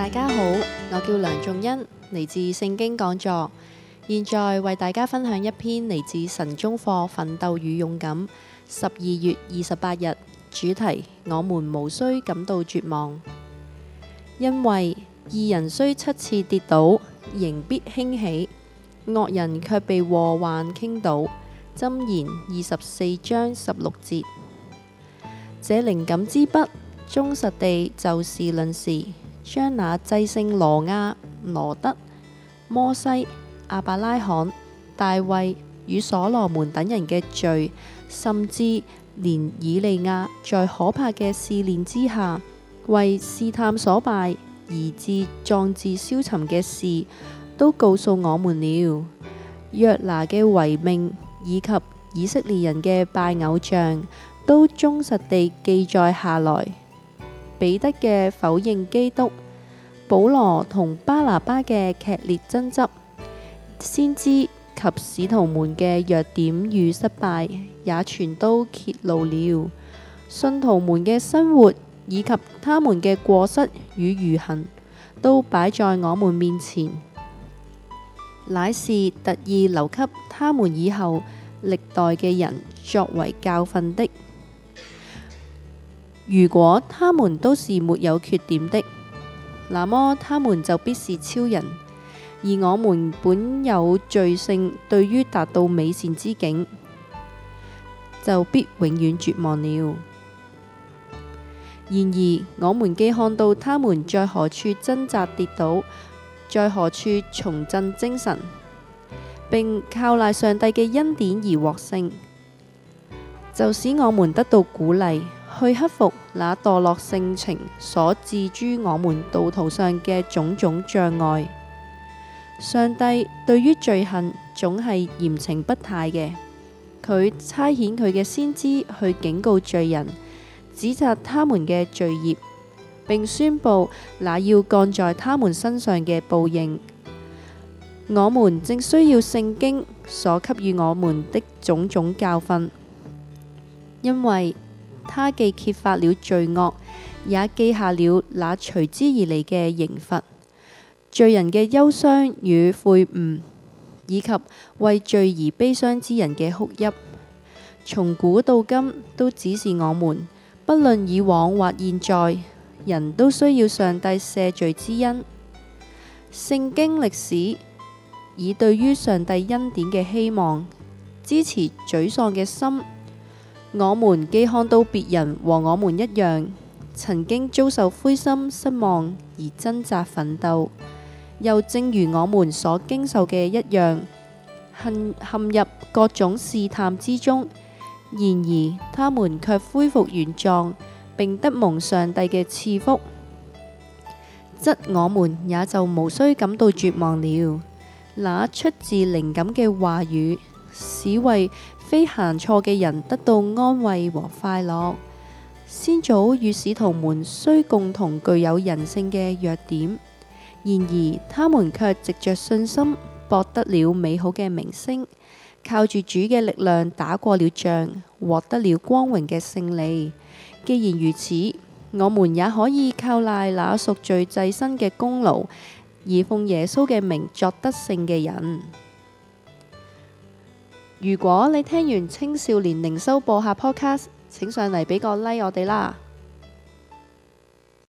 大家好，我叫梁仲恩，嚟自聖經講座。現在為大家分享一篇嚟自神中課《奮鬥與勇敢》十二月二十八日主題：我們無需感到絕望，因為義人雖七次跌倒，仍必興起；惡人卻被禍患傾倒。箴言二十四章十六節。這靈感之筆，忠實地就事論事。將那祭聖羅亞、羅得、摩西、亞伯拉罕、大衛與所羅門等人嘅罪，甚至連以利亞在可怕嘅試煉之下，為試探所敗而致壯志消沉嘅事，都告訴我們了。約拿嘅違命，以及以色列人嘅拜偶像，都忠實地記載下來。彼得嘅否認基督、保羅同巴拿巴嘅劇烈爭執、先知及使徒們嘅弱點與失敗，也全都揭露了。信徒們嘅生活以及他們嘅過失與愚行，都擺在我們面前，乃是特意留給他們以後歷代嘅人作為教訓的。如果他們都是沒有缺點的，那麼他們就必是超人，而我們本有罪性，對於達到美善之境就必永遠絕望了。然而，我們既看到他們在何處掙扎跌倒，在何處重振精神，並靠賴上帝嘅恩典而獲勝，就使我們得到鼓勵。去克服那墮落性情所置諸我們道途上嘅種種障礙。上帝對於罪行總係嚴懲不貸嘅。佢差遣佢嘅先知去警告罪人，指責他們嘅罪孽，並宣布那要降在他們身上嘅報應。我們正需要聖經所給予我們的種種教訓，因為。他既揭發了罪惡，也記下了那隨之而嚟嘅刑罰，罪人嘅憂傷與悔悟，以及為罪而悲傷之人嘅哭泣。從古到今，都指示我們，不論以往或現在，人都需要上帝赦罪之恩。聖經歷史以對於上帝恩典嘅希望，支持沮喪嘅心。我們既看到別人和我們一樣，曾經遭受灰心失望而掙扎奮鬥，又正如我們所經受嘅一樣，陷陷入各種試探之中；然而他們卻恢復原狀，並得蒙上帝嘅賜福，則我們也就無需感到絕望了。那出自靈感嘅話語，使為非行錯嘅人得到安慰和快樂。先祖與使徒們雖共同具有人性嘅弱點，然而他們卻藉着信心博得了美好嘅名聲，靠住主嘅力量打過了仗，獲得了光榮嘅勝利。既然如此，我們也可以靠賴那贖罪祭身嘅功勞，而奉耶穌嘅名作得勝嘅人。如果你聽完青少年靈修播客 podcast，請上嚟俾個 like 我哋啦！